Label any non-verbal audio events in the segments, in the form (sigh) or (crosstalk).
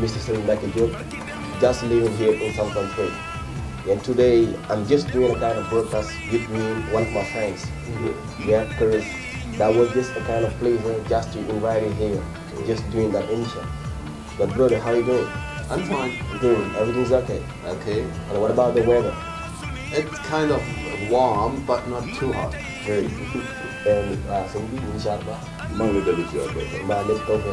Mr. a Bakajok, just living here in San Francisco. And today, I'm just doing a kind of broadcast with me, one of my friends. Mm-hmm. Yeah, because that was just a kind of pleasure just to invite you here, just doing that intro. But brother, how you doing? I'm fine. Good, everything's okay. Okay. And what about the weather? It's kind of warm, but not too hot. Very. (laughs) and uh, so we, inshallah. Mangga dari siapa? Mangga dari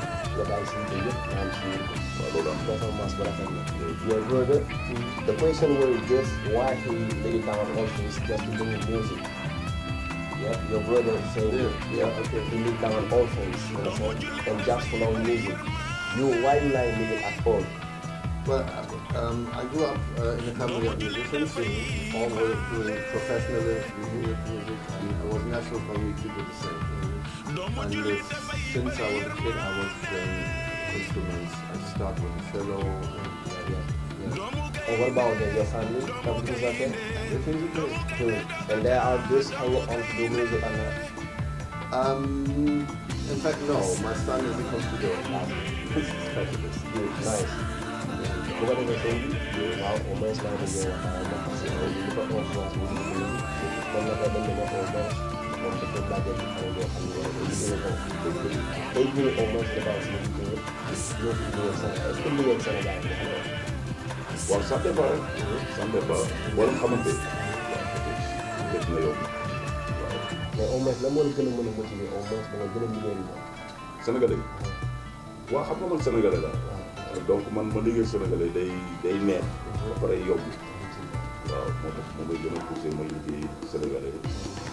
Your brother, the question was just why he laid down just to do music. your brother saying, yeah, okay, he laid down options, you know, and just follow music. You, why line music at all? Well, um, I grew up uh, in a family of musicians all were doing professionally music, music, and it was natural for me to do the same. And uh, since I was a kid, I was playing instruments. I started with the cello. And, uh, yeah, yeah. And oh, what about them? Your And there are just a lot of do music and Um, in fact, no. My son is a computer last He's prejudiced. nice. almost not But also, I'm moom dafa laajal ñu xaw loo xam ne day jël au moins dépense yi ñu jël ñoo fi ñëwoon Sénégal est-ce que ñu woon Sénégal nga xam waaw ça dépend ça dépend wala xamante def na yow waaw mais au moins la moo la gën a mën a motiver au moins da nga gën a liggéey moom Sénégalais waaw xam nga man Sénégalais la donc man ma liggéey Sénégalais day day neex ba pare yomb waaw moo tax ma may gën a poussé ma liggéey Sénégalais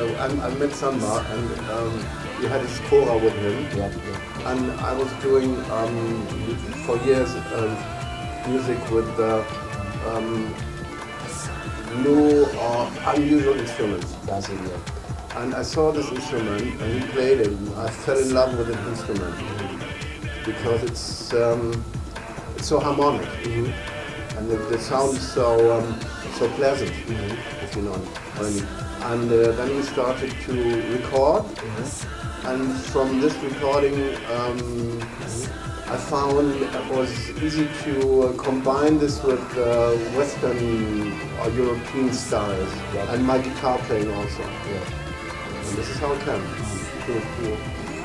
Um, I, met Samba and um, you had his Cora with him. Yeah, yeah. And I was doing um, for years um, music with uh, um, new or uh, unusual instruments. That's it, yeah. And I saw this instrument and he played it. And I fell in love with the instrument because it's um, it's so harmonic mm -hmm. and the, the, sound is so so pleasant, mm -hmm. if you know what I mean and uh, then we started to record. Yes. And from this recording, um, I found it was easy to uh, combine this with uh, Western or European styles and my guitar playing also. Yeah. And this is how it came. Cool, cool.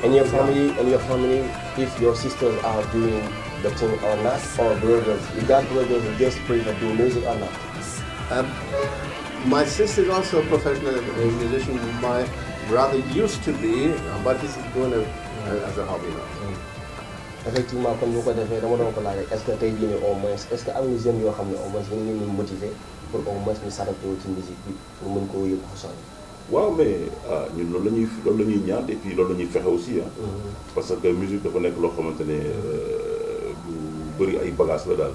And your family, and your family, if your sisters are doing the thing or not, or brothers, you got brothers and just pray that do music or not. Um, my sister is also a professional musician. My brother used to be, but he's doing it uh, as a hobby now. Mm. effectivement comme ñu ko defee dama doon ko laaj est ce que tey jii au moins est ce que am na jeunes au moins ñu ngi motiver pour au moins ñu sarapoo ci musique bi pour mën koo yóbbu xosaan. waaw mais ah ñun loolu la ñuy loolu la et puis la ah. mm-hmm. parce que musique euh, ay bagages la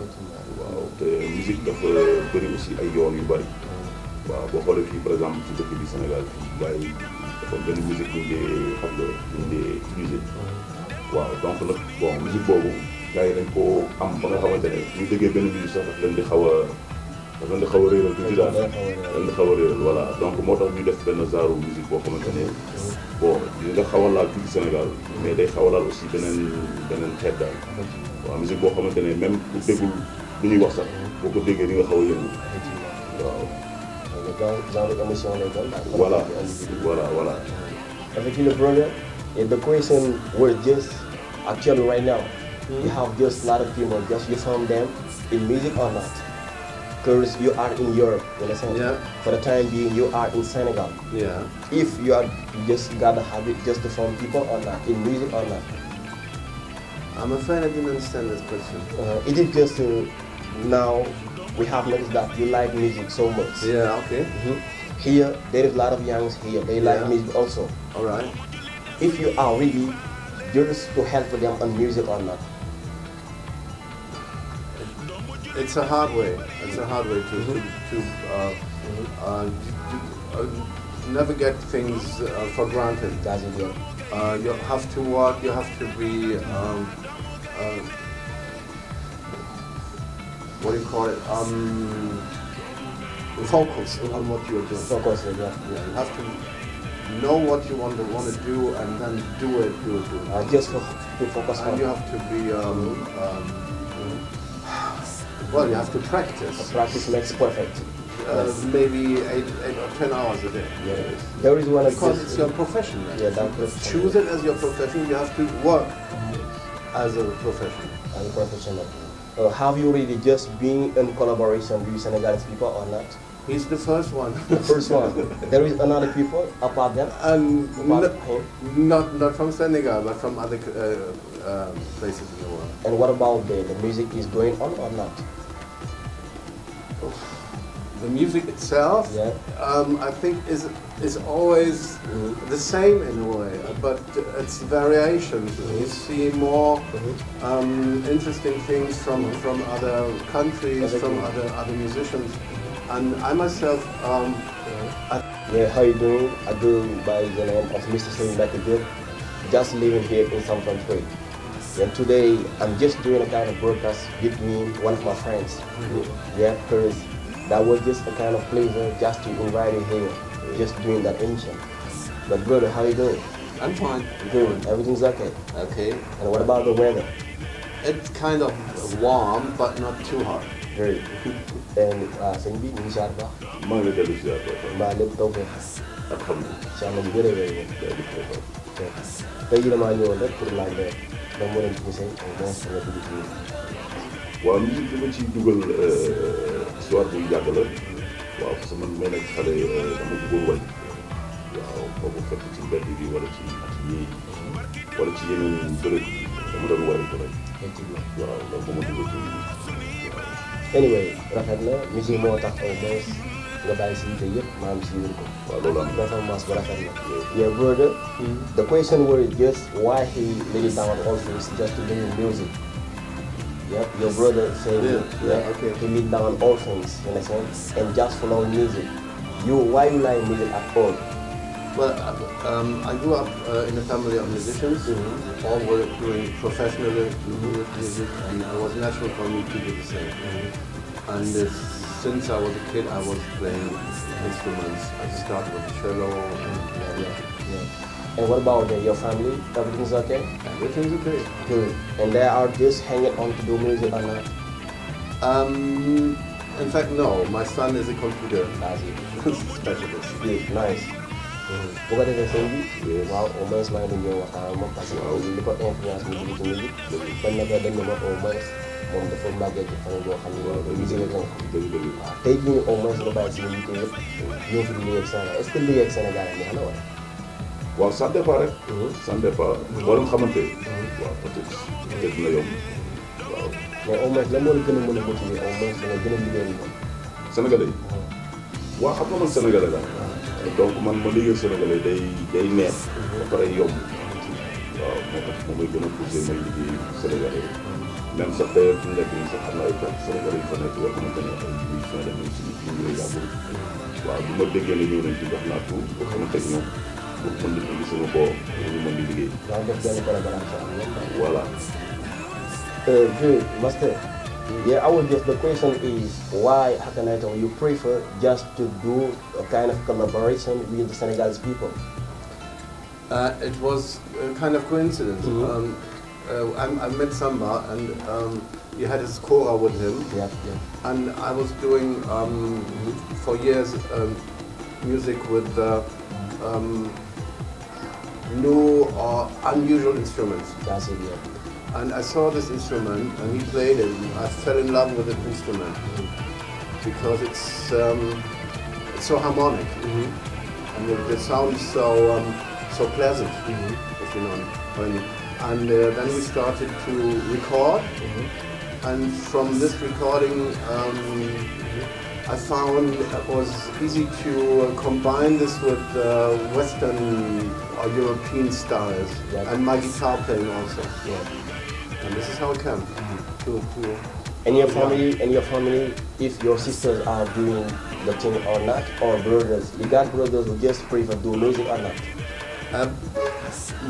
musique dafa bëri aussi ay yoon waaw boo xoolee fii par exemple ci dëkk bi Sénégal fii gars yi dafa benn musique bu ñu dee xam nga bu ñu dee utilisé boobu gars yi dañ koo am ba nga xamante ne bu ñu déggee benn musique sax daf leen di xaw a daf leen di xaw a réeral di xaw a réeral donc moo tax ñu def benn genre musique boo xamante ne bon dina xaw laal Sénégal mais day xaw laal aussi beneen beneen xeet daal waaw musique boo xamante ne même ku déggul lu ñuy wax sax boo ko déggee di nga xaw a yëngu waaw Voilà, voilà, voilà. Avec une brother, and the question was just actually right now. Mm. You have just a lot of people, just you found them in music or not. Because you are in Europe, you understand? Yeah. For the time being, you are in Senegal. Yeah. If you are just got a habit just to form people or not, in music or not. I'm afraid I didn't understand this question. Uh, it is just uh, now we have noticed that you like music so much. Yeah, okay. Mm -hmm. Here, there is a lot of youngs here. They yeah. like music also. All right. If you are really curious to help them on music or not. It's a hard way. It's a hard way to, mm -hmm. to, mm-hmm. to uh, mm-hmm. uh, uh never get things uh, for granted. That's it. Uh, you have to work. You have to be. Um, uh, what do you call it? Um, focus on what you're doing. Focus, yeah. yeah. You have to know what you want to want to do and then do it, do it, do it. Uh, just to focus. And on. you have to be. Um, um, well, you have to practice. Practice makes perfect. Uh, yes. maybe eight, eight or ten hours a day. Yeah. There is one because it's your profession. Right? Yeah, that's choose it as your profession. You have to work as a professional. As a professional. Uh, have you really just been in collaboration with Senegalese people or not? He's the first one. the first one. There is another people apart them. Um, apart not, not, not from Senegal, but from other uh, uh, places in the world. And what about the, the music is going on or not? Oof the music itself, yeah. um, I think, is is always mm the same in a way, but it's variations. mm mm-hmm. You see more mm um, interesting things from from other countries, other from other other musicians, and I myself. Um, yeah. I yeah, how you doing? I do by the name of Mr. Slim Bakadil, just living here in San Francisco. And today I'm just doing a kind of broadcast with me, one of my friends, mm-hmm. yeah, Paris. That was just a kind of pleasure just to invite you here, just doing that ancient. But brother, how you doing? I'm fine. Good. Everything's okay. Okay. And what about the weather? It's kind of warm, but not too hot. Very. (laughs) and uh, sen bi ni sha ba. Ma le da sha ba. Ba le to ke. Alhamdulillah. Sha mun gure gure. Da le to ba. Ta yi da ma yo da histoire buy yàgg la waaw parce que man may nekk xale euh, dama bëggoon way waaw boobu fekk ci mbedd bi wala ci at yii wala ci yeneen bërëb dama doon way ko rek waaw loolu anyway rafet na moo tax au moins nga bàyyi si yite yëpp maam si yir ko waaw loolu am performance bu rafet na yeah brother the question was just why he laid down all this just music Yep, your brother said, yeah, yeah, okay. he lived down things, you understand? And just follow music. You, why you like music at all? Well, um, I grew up uh, in a family of musicians. Mm -hmm. All were doing professionally music, and it was natural for me to do the same. Mm -hmm. And uh, since I was a kid, I was playing instruments. I started with cello and piano. Yeah. And what about Your family? Everything's okay? Everything's okay. Good. And they are just hanging on to do music or not? Um, in fact, no. My son is a computer (laughs) specialist. Mm-hmm. Yes, nice. Bukan dengan sendiri Wow, Omas main dengan yang amat Pasal lepas yang punya sendiri Taking It's the lihat sana waaw ça dépend rek. ça dépend waroon xamante ni. waaw peut-être peut-être yomb waaw. mais au moins gën a mën a yi. waaw xam nga man Sénégalais la donc man ma liggéey Sénégalais day day neex. yomb. waaw moo tax moom mooy gën a poussé may liggéey Sénégalais yi. même sax d'ailleurs fi mu nekk nii fa nekk yoo xamante ne ay émissions yi dem nañ suñu kii yooyu déggee ne ñëw ci jox naa ko ba xamante ne ñoom. man Good, Master. Yeah, I would just, the question is why Hakanaito, you prefer just to do a kind of collaboration with the Senegalese people? Uh, it was a kind of coincidence. Mm -hmm. um, uh, I, I, met Samba and um, he had his Kora with him. Yeah, yeah. And I was doing um, mm-hmm. for years um, music with uh, um, new or uh, unusual instruments. That's it, yeah. And I saw this instrument and he played it. I fell in love with the instrument because it's um, it's so harmonic mm -hmm. and the, the sound is so um, so pleasant, mm -hmm. if you know. And, and uh, then we started to record, mm -hmm. and from this recording. Um, I found it was easy to uh, combine this with uh, Western are European stars and my guitar playing also. Yeah. And this is how it came. Mm-hmm. Cool, cool. And your family, and your family, if your sisters are doing the thing or not, or brothers, you got brothers who just pray for do music or not. Um,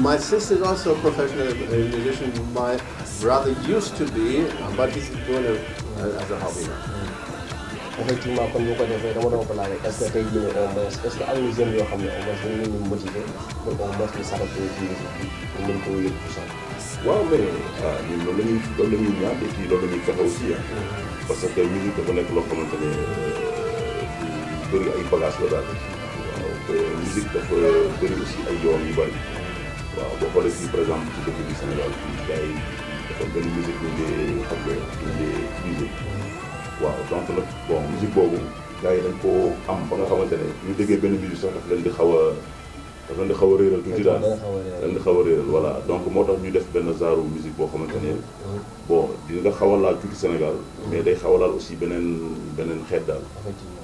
my sister is also a professional musician. My brother used to be, but he's doing it uh, as a hobby now. Mm. effectivement kon ñu ko defee dama doon ko laaj est ce que tey jii au moins est ce que am na jeunes yoo xam ne au moins dañ leen di motiver pour au moins ñu saxal ko ci musique bi ñu mën koo yóbbu tout ça. waaw mais ah ñun loolu la ñuy loolu la ñuy ñaan et puis loolu la ñuy fexe aussi ah. parce que musique dafa nekk loo xamante ne euh, bëri ay bagages la daal. waaw te musique dafa bëri aussi ay yoon yu bëri. waaw boo xoolee fii par exemple ci dëkk bi Sénégal fii gars yi dafa benn musique bu ñu dee xam nga bu ñu dee waaw donc nag bon musique boobu gars yi dañ koo am ba nga xamante ne ñu déggee benn musique sax daf leen di xaw a daf leen di xaw a réeral tuuti daal leen di xaw a réeral voilà donc moo tax ñu def benn genre musique boo xamante ne bon di nga xaw a laal tuuti Sénégal mais day xaw a laal aussi beneen beneen xeet daal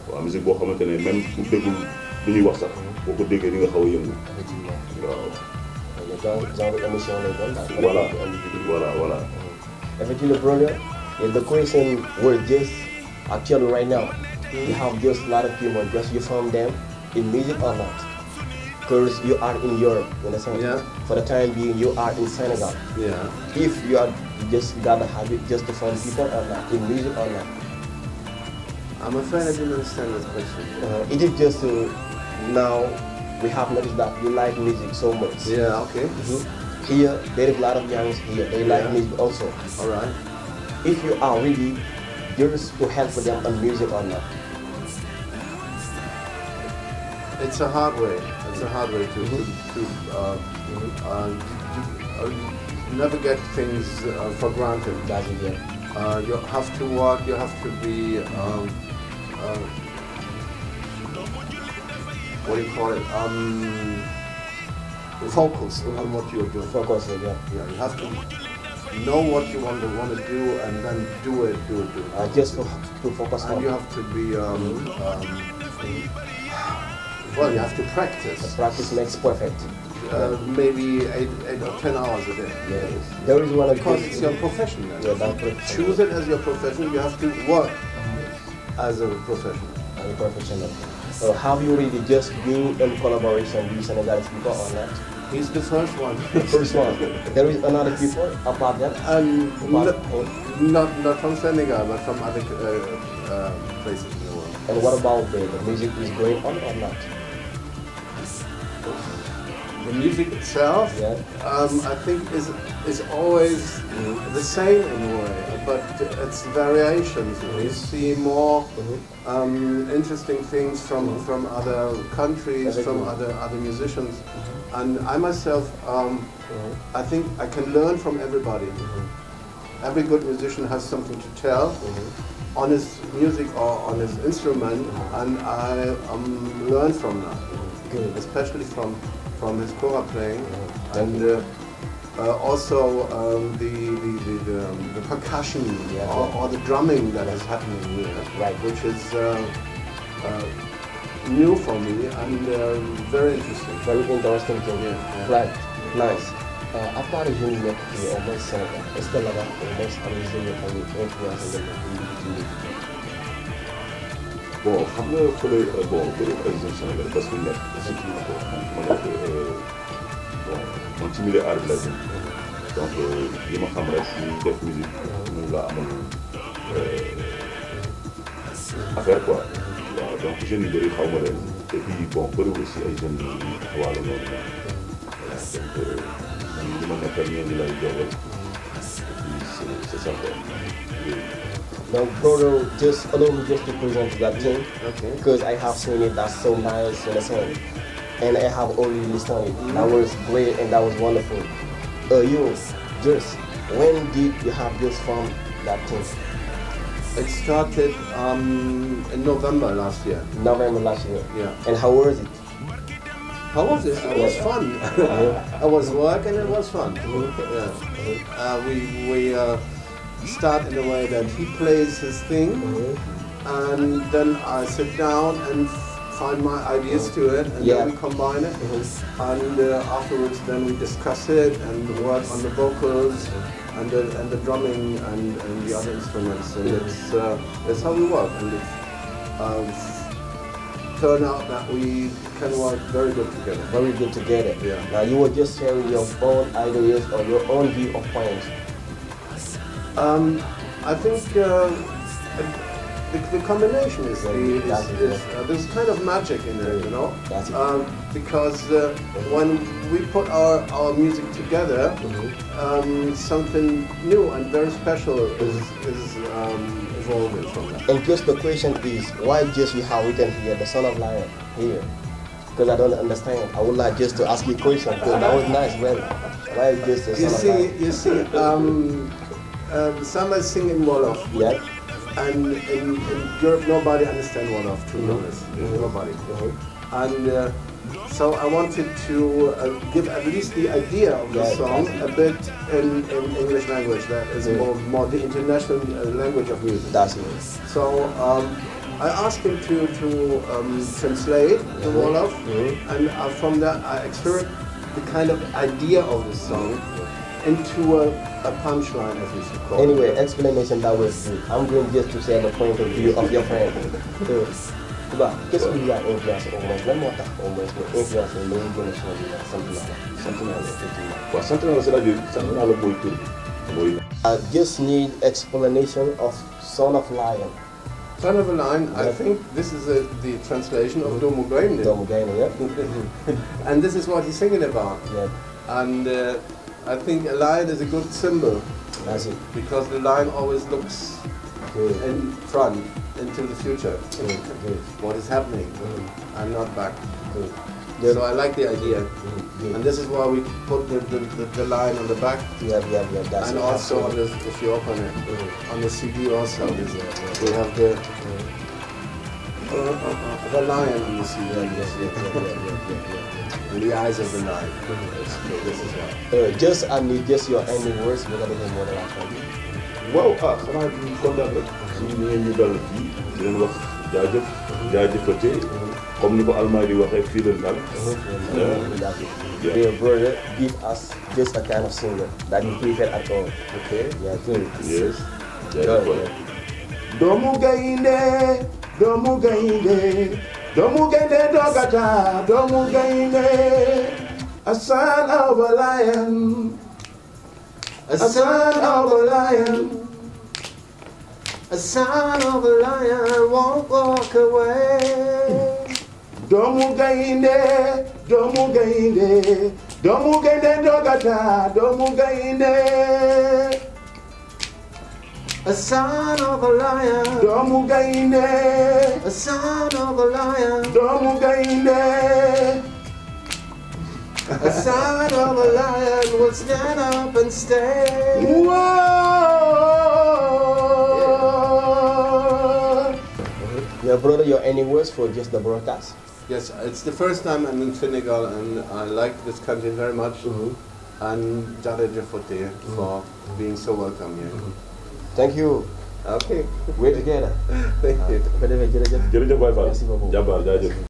waaw musique boo xamante ne même bu déggul du ñuy wax sax mmh. boo ko déggee di nga xaw a yëngu waaw voilà voilà voilà. effectivement problème. the question was just actually right now, you have just a lot of people, just you found them in music or not. Because you are in Europe, understand? Yeah. For the time being, you are in Senegal. Yeah. If you are just got have habit just to find people or not, in music or not. I'm afraid I didn't understand this question. Uh, it is just uh, now we have noticed that you like music so much. Yeah, okay. Mm -hmm. Here, there is a lot of youngs here. They yeah. like music also. All right if you are really yours to help them on music or not? It's a hard way. It's a hard way to, mm -hmm. to, to uh, uh, uh, you never get things uh, for granted. Doesn't it? Uh, you have to work. You have to be. Um, uh, what do you call it? Um, focus on what you're doing. Focus, yeah. Yeah, you have to know what you want to want to do and then do it, do it, do it. Uh, just to, to focus and on. And you have to be, um, um, well, you have to practice. The practice makes perfect. Uh, maybe eight, eight or ten hours a day. Yes. There is one because it's your profession. Yeah, Choose it as your profession. You have to work as a professional. As a professional. So have you really just been in collaboration with Senegalese people or not? He's the first one. (laughs) first one. There is another people about that? Um, not, not from Senegal, but from other uh, uh, places in the world. And what about the, the music is going on or not? The music itself, yeah. um, I think, is is always mm. the same in a way, but it's variations. We mm-hmm. see more mm -hmm. um, interesting things from mm from other countries, from other other musicians. Mm-hmm. And I myself, um, mm-hmm. I think I can learn from everybody. Mm-hmm. Every good musician has something to tell mm-hmm. on his music or on his instrument, and I um, learn from that, Good. especially from from his kora playing, and uh, uh, also um, the, the, the, the, um, the percussion yeah. or, or, the drumming that is happening here, right. which is uh, uh new for me and uh, very interesting. Very interesting to me. Yeah. Right. Nice. አፓሪዥን የኦመን ሰነዳ እስከለባ ኦመንስ አሜዚንግ የሆኑ ኦፍ Bon, xam nga fële bon bëri président Sénégal parce que nekk si kii ko ma nekk bon man ci milieu art la donc li ma xam rek ñu def musique ñu la amal affaire quoi donc et puis bon aussi voilà donc Now, Brodo, just allow me just to present that thing okay. because I have seen it. That's so nice, you understand? And I have already listened it. That was great and that was wonderful. Uh, you, just when did you have this from that thing? It started um, in November last year. November last year. Yeah. And how was it? How was it? It was fun. (laughs) it was work and it was fun. Mm-hmm. Yeah. Mm-hmm. Uh, we we uh, start in a way that he plays his thing, mm-hmm. and then I sit down and find my ideas to it, and yeah. then we combine it, and uh, afterwards then we discuss it and work on the vocals and the, and the drumming and, and the other instruments. And it's, uh, it's how we work. And it's um, turned out that we can work very good together. Very good together. Yeah. Now you were just sharing your own ideas or your own view of points. Um, I think uh, the, the combination is, the, is, is uh, there's kind of magic in it, you know, um, because uh, when we put our, our music together, mm-hmm. um, something new and very special is, is um, evolving from that. And just the question is, why just you have written here, the Son of Lion here? Because I don't understand. I would like just to ask you a question, because that was nice, well, why just the Son you see, You see, um, um, some are singing Wolof. Yeah. And in, in Europe, nobody understands one of two honest. Nobody. And uh, so I wanted to uh, give at least the idea of the song a bit in, in English language. That is more, more the international uh, language of music. That's it. So um, I asked him to, to um, translate the Wolof, and uh, from that I extract the kind of idea of the song into a a punchline, as you should call Anyway, explanation that was good. I'm going just to say the point of view of your friend. But something like that. Something like that. something like that, something like that. I just need explanation of Son of Lion. Son of a Lion, I think this is a, the translation of Domo Gaimne. Domo yeah. and this is what he's singing about. Yeah. And uh, I think a lion is a good symbol. Because the lion always looks in front into the future. What is happening? I'm not back. Yep. So I like the idea. And this is why we put the, the, the, the line on the back. Yeah, yeah, yeah. That's and also on if you open it, on the CD also, we have the the lion you see sea. Yeah, yes, yes, yes, yes, yes, the eyes of the lion. this is right. Uh, just, I need just your ending words. We're going to hear more than last time. waaw ah xanaa ñu kontaan rek ñu ñëwee ñu dal fii di leen wax jaajëf jaajëfate comme ni ko Almaañ di waxee fii leen dal. Dear brother, give us just a kind of singer that you prefer at all. Okay. Yeah, good. Yes. Jaajëf doomu gaynde doomu gaynde doomu gaynde dogata lion a son of a lion a son of a lion won't walk away Domu gaine, domu gaine, domu gaine, dogata domu gaine. A son of a lion. Domugaine. A son of a lion. Domugaine. A son of a lion will stand up and stay. Whoa. Yeah. brother, your any words for just the broadcast? Yes, it's the first time I'm in Senegal and I like this country very much. Mm -hmm. And thank you mm -hmm. for mm-hmm. being so welcome here. Mm -hmm thank you. ok We're together. (laughs) thank you jërëjëf jërëjëf.